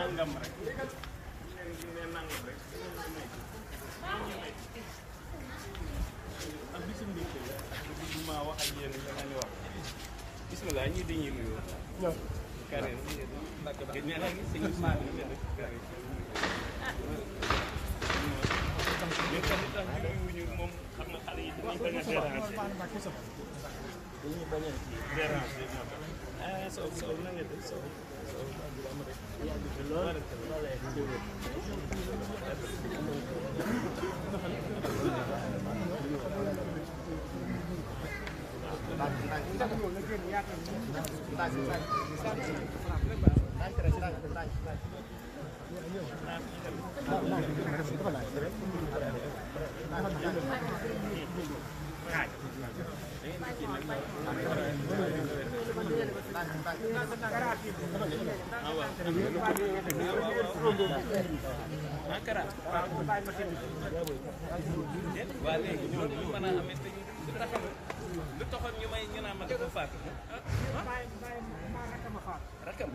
nangam rek seen gi ne nangam rek ak bisu mbégte la bëgguma wax ak yéen li ma wax bismillah ñii dañuy nuyoo Karim gëj naa laa gis sëñ Ousmane ñu ne rek Karim ñun tamit tax ñu moom xam na xale yi dinañ bañ a déranger dañuy bañ a kii déranger moo tax ah Sow Sow na nga def Sow Sow am rek yàgg fi lool loolee jëwee Thank you. waa ah, léegi ñooñu ñu mën a ah, amee ah. lu taxoon ñu may ñu naan ma dafa rakam.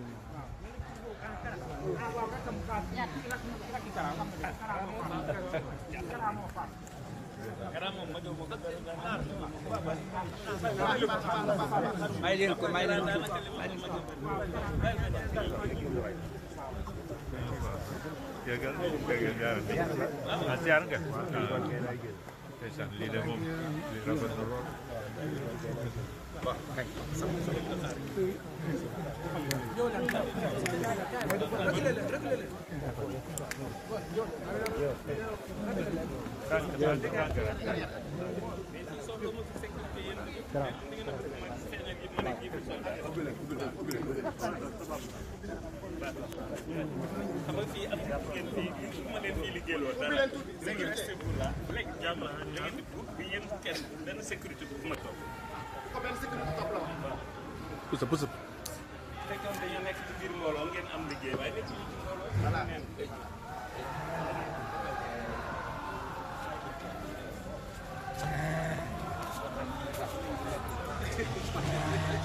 may leen ko may leen ko siyaar nga xam nga liggéeyloo dara sécurité bu ma topp. ko benn sécurité topp la waaw. pousse pousse. fekkoon dañoo nekk ci biir mbooloo ngeen am liggéey waaye nekk ci biir mbooloo. voilà